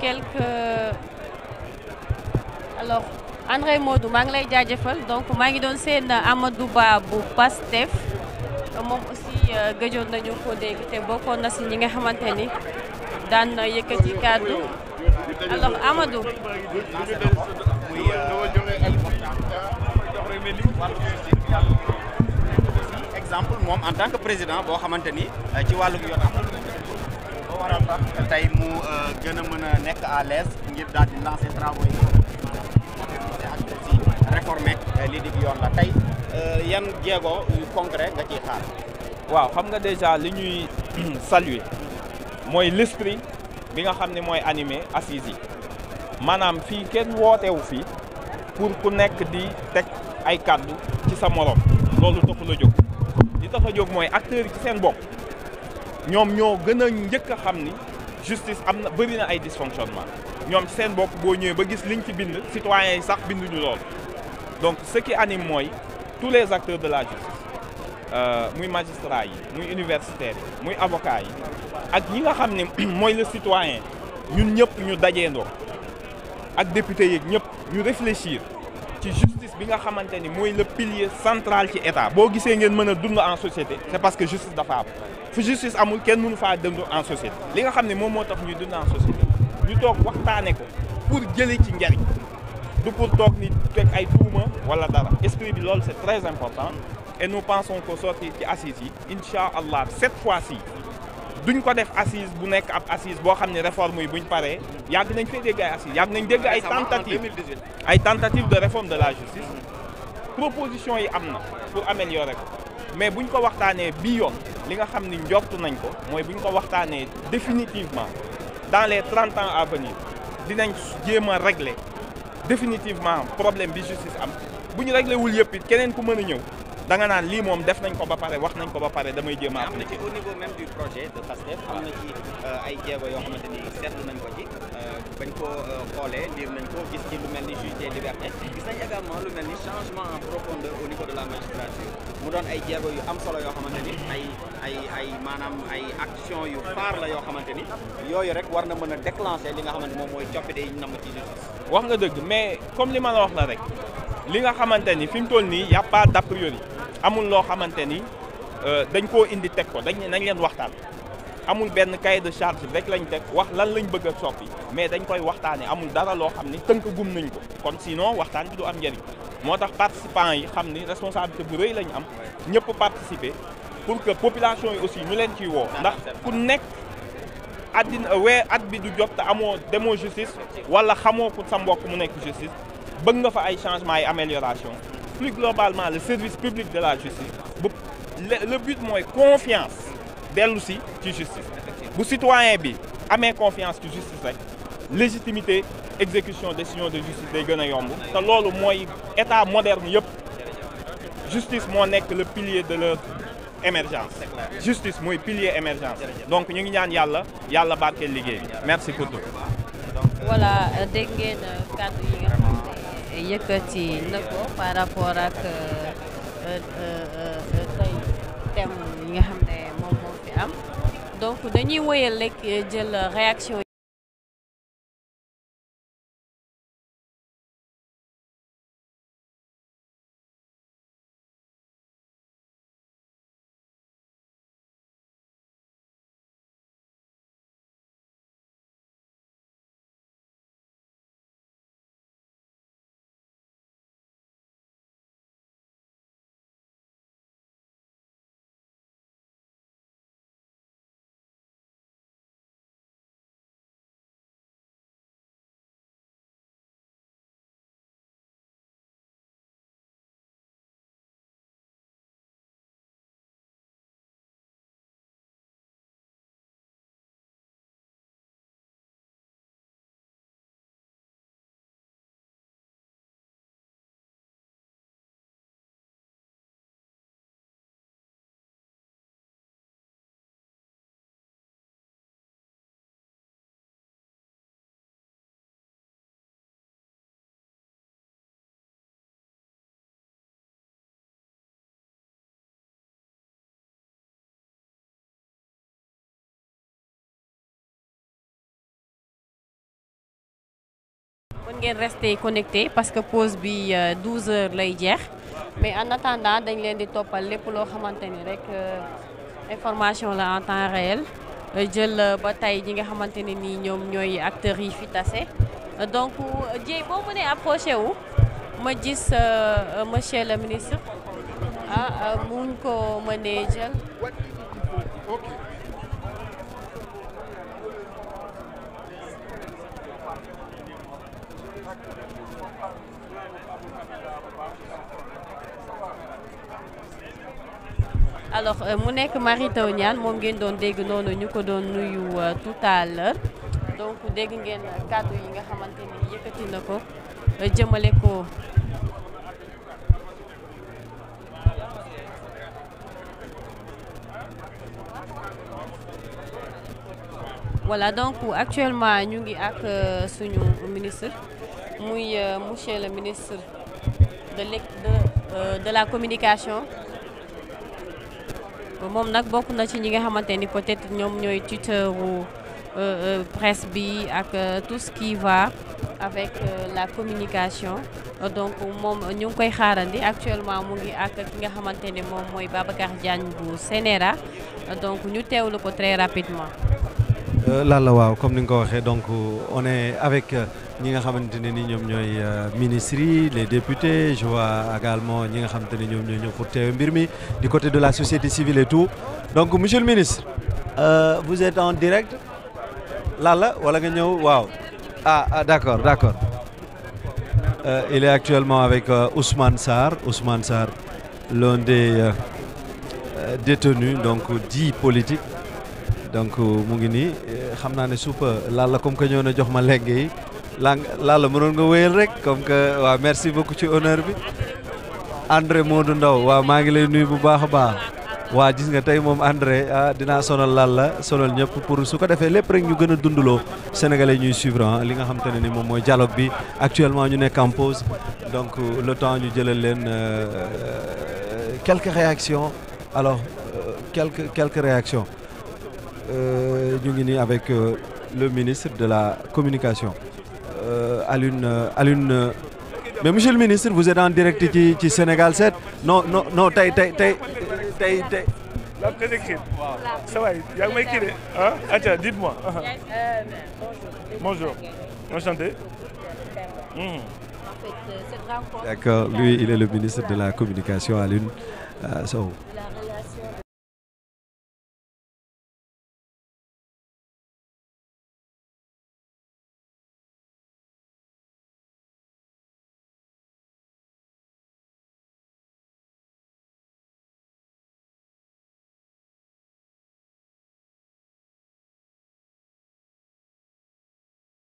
quelques alors André Modou maa ngi lay jaajëfal donc maa ngi doon seen Amadou baa bu Pastef moom aussi euh, gëjoon nañu ko dégg te bokkoon na si ñi nga xamante ni daan yëkkati kàddu alors Amadou. exemple moom en tant que président boo xamante ni wàllu euh, wàllum yoon waral tey mu euh, gën a mën a nekk à l'aise ngir daal di lancer travaux yi ak si euh, yoon la tey euh, yan jéego yu nga ciy xaar. waaw xam nga déjà li ñuy saluer mooy l'esprit bi nga xam ne mooy anime assises yi maanaam fii kenn wootewu fii pour ku nekk di teg ay kàddu ci sa morom loolu taxul a jóg li tax a jóg mooy acteur yi ci seen bopp. ñoom ñoo gën a njëkk a xam ni justice am na bëri na ay dysfonctionnement ñoom ci seen bopp boo ñëwee ba gis liñ ci bind citoyens yi sax binduñu loolu donc ce qui anime mooy tous les acteurs de la justice euh, muy magistrat yi muy universitaires yi muy avocat yi ak ñi nga xam ne mooy le citoyen ñun ñëpp ñu dajee dajeendoo ak député yeeg ñëpp ñu réfléchir ci justice bi nga xamante ni mooy le pilier central ci état boo gisee ngeen mën a dund en société c'est parce que justice dafa am fu justice amul kenn mënu faa dund en société li nga xam ne moom moo tax ñuy dund en société ñu toog waxtaane ko pour jëlee ci njariñ du pour toog ni teg ay tuuma wala dara esprit bi lool c'est très important et nous pensons que sorti ci assises yi incha allah cette fois-ci duñ ko def assise bu nekk ab assise boo xam ne réforme yi buñ paree yàgg nañ fee dégg ay assises yàgg nañ dégg ay tentative ay tentative de réforme de la justice proposition yi am na pour améliorer ko mais buñ ko waxtaanee bii li nga xam ni njortu nañ ko mooy bu ñu ko waxtaanee définitivement dans les trente ans à venir dinañ jéem a régler définitivement problème bi justice am bu ñu réglé wul yëpp it keneen ku mën a ñëw da nga naan lii moom def nañ ko ba pare wax nañ ko ba pare damay jéem a. am na ci au niveau même du projet parce que am na ci euh, ay jéego yoo xamante ni seetlu nañ ko ci euh, bañ ko euh, xoolee liir nañ ko gis ci lu mel ni juge des libertés gis nañ également lu mel ni changement en profondeur au mu doon ay jéego yu am solo yoo xamante ni ay. ay ay maanaam ay action yu faar la yoo xamante ni yooyu rek war na mën a déclencher li nga xamante moom mooy coppite yi ñu namm ci justice wax nga dëgg mais comme li ma la wax la rek li nga xamante ni fi mu toll nii yàppa a pas amul loo xamante ni euh, dañ koo indi teg ko dañ nañ leen waxtaan amul benn cahier de charge rek lañ teg wax lan lañ bëgg a soppi mais dañ koy waxtaanee amul dara loo xam ni tënk gum nañ ko kon sinon waxtaan bi du am njëriñ moo tax participants yi xam ni responsabilité bu rëy lañ am ñëpp participer pour que population yi aussi ñu leen ciy woo ndax ku nekk addina weer at bi du jot amoo demoo justice wala xamoo ku sa mbokk mu nekk justice bëgg nga fa ay changement ay amélioration plus globalement le service public de la justice bu le but mooy confiance dellu si ci justice bu citoyen bi amee confiance ci justice rek légitimité exécution décision de justice day gën a yomb te loolu mooy état moderne yëpp justice moo nekk le pilier de leur émergence justice mooy pilier émergence donc ñu ngi ñaan yàlla yàlla barkeel liggéey bi merci pour tout voilà dégg ngeen kàddu yi nga xam ne yëkkati na par rapport ak euh, euh, euh, tey thème nga xam ne moom moo fi am donc dañuy wëyal rek jël réaction ngeen rester connecté parce que pause bi 12 euh, heures lay jeex mais en attendant dañ leen di toppal lépp loo xamante ni rek euh, information la en temps réel euh, jël ba tey ji nga xamante ni nii ñoom ñooy acteurs yi fi tase donc Dieye boo mënee approché wu ma gis monsieur le ministre ah muñ ko mënee jël. alors euh, mu nekk Marie Taw Niane moom ngeen doon dégg noonu ñu ko doon nuyu euh, tout donc dégg ngeen kàddu yi nga xamante ni yëkkati na ko euh, jëmale ko. voilà donc actuellement ñu ngi ak suñu ministre muy monsieur le ministre de de la communication. moom nag bokk na ci ñi nga xamante ni peut ñoom ñooy tuteuru euh, euh, presse bi ak euh, tout ce va avec la communication donc moom ñu ngi koy xaarandi actuellement mu ngi ak ki nga xamante ne moom mooy Babacar Diagne bu Sénéra donc ñu teewlu ko très rapidement Euh, Lalla waaw comme ni nga ko waxee donc on est avec euh, ñi nga xamante ne ni ñoom ñooy euh, ministres yi les députés je vois également ñi nga xamante ne ñoom ñooy ñëw pour teewe mbir mi du côté de la société civile et tout donc monsieur le ministre euh, vous êtes en direct Lalla wala nga ñëw waaw ah ah d'accord d'accord euh, il est actuellement avec euh, sar Sarr Ousmane Sarr l'un des détenus donc dits politiques donc euh, mu ngi nii euh, xam naa ne suupa laala comme que ñëw na jox ma legg yi laa laala mënoon nga wéyal rek comme que waa merci beaucoup ci honneur bi André Modou Ndaw waaw maa ngi lay nuyu bu baax a baax waa gis nga tey moom André ah dinaa sonal laala sonal ñëpp pour su ko defee lépp rek ñu gën a dundaloo sénégalais ñuy suivre ah, li nga xam te ne ni moom mooy dialogue bi actuellement ñu nekk en donc euh, le temps ñu jëlal leen quelque réactions alors quelques quelques réactions Euh, ñu ngi ni avec euh, le ministre de la communication euh, Alioune Alioune mais monsieur le ministre vous êtes en direct ci ci Sénégal 7 non non non tey tey tey tey tey. la présidente. waaw ça va yaa ngi may de D'accord, lui il est le ministre de la communication Alioune Sow.